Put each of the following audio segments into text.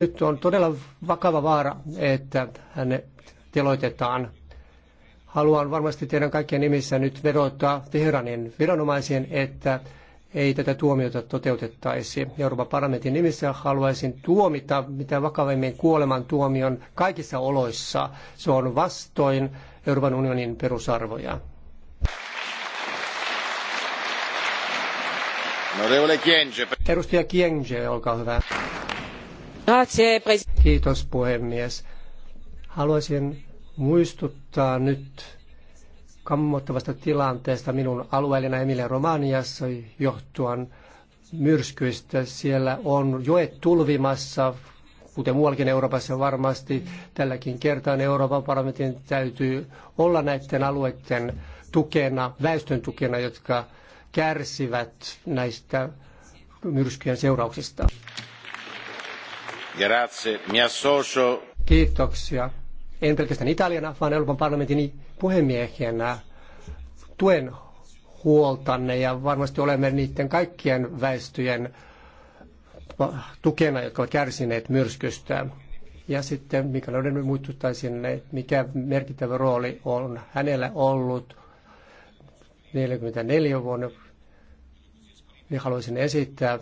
Nyt on todella vakava vaara, että hänet teloitetaan. Haluan varmasti teidän kaikkien nimissä nyt vedottaa Teheranin viranomaisiin, että ei tätä tuomiota toteutettaisi. Euroopan parlamentin nimissä haluaisin tuomita mitä vakavimmin kuoleman tuomion kaikissa oloissa. Se on vastoin Euroopan unionin perusarvoja. Edustaja Kienge, olkaa hyvä. Kiitos puhemies. Haluaisin muistuttaa nyt kammottavasta tilanteesta minun alueellina Emilia Romaniassa johtuen myrskyistä. Siellä on joet tulvimassa, kuten muuallakin Euroopassa varmasti. Tälläkin kertaa Euroopan parlamentin täytyy olla näiden alueiden tukena, väestön tukena, jotka kärsivät näistä myrskyjen seurauksista. Kiitoksia. En pelkästään Italiana, vaan Euroopan parlamentin puhemiehenä tuen huoltanne ja varmasti olemme niiden kaikkien väestöjen tukena, jotka ovat kärsineet myrskystä. Ja sitten Mikael Oden muistuttaisin, mikä merkittävä rooli on hänellä ollut 44 vuonna. Niin haluaisin esittää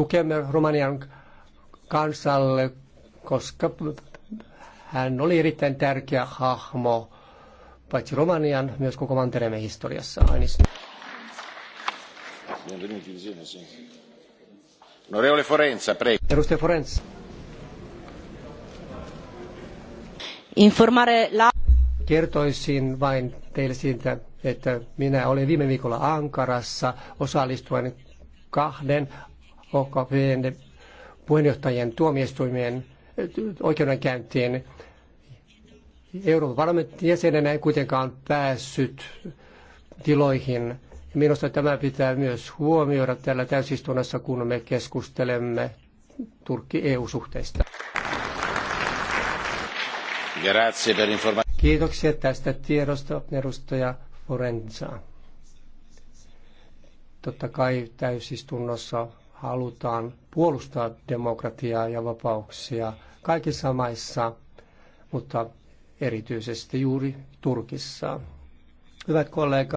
tukemme Romanian kansalle, koska hän oli erittäin tärkeä hahmo paitsi Romanian, myös koko mantereemme historiassa. Ainis. Onorevole Forenza, prego. Edustaja Forenza. Informare la... Kertoisin vain teille siitä, että minä olin viime viikolla Ankarassa osallistuen kahden OKPn puheenjohtajien tuomioistuimien oikeudenkäyntien Euroopan parlamentin jäsenenä ei kuitenkaan päässyt tiloihin. Minusta tämä pitää myös huomioida täällä täysistunnossa, kun me keskustelemme Turkki-EU-suhteista. Kiitoksia tästä tiedosta, edustaja Forenza. Totta kai täysistunnossa halutaan puolustaa demokratiaa ja vapauksia kaikissa maissa, mutta erityisesti juuri Turkissa. Hyvät kollegat,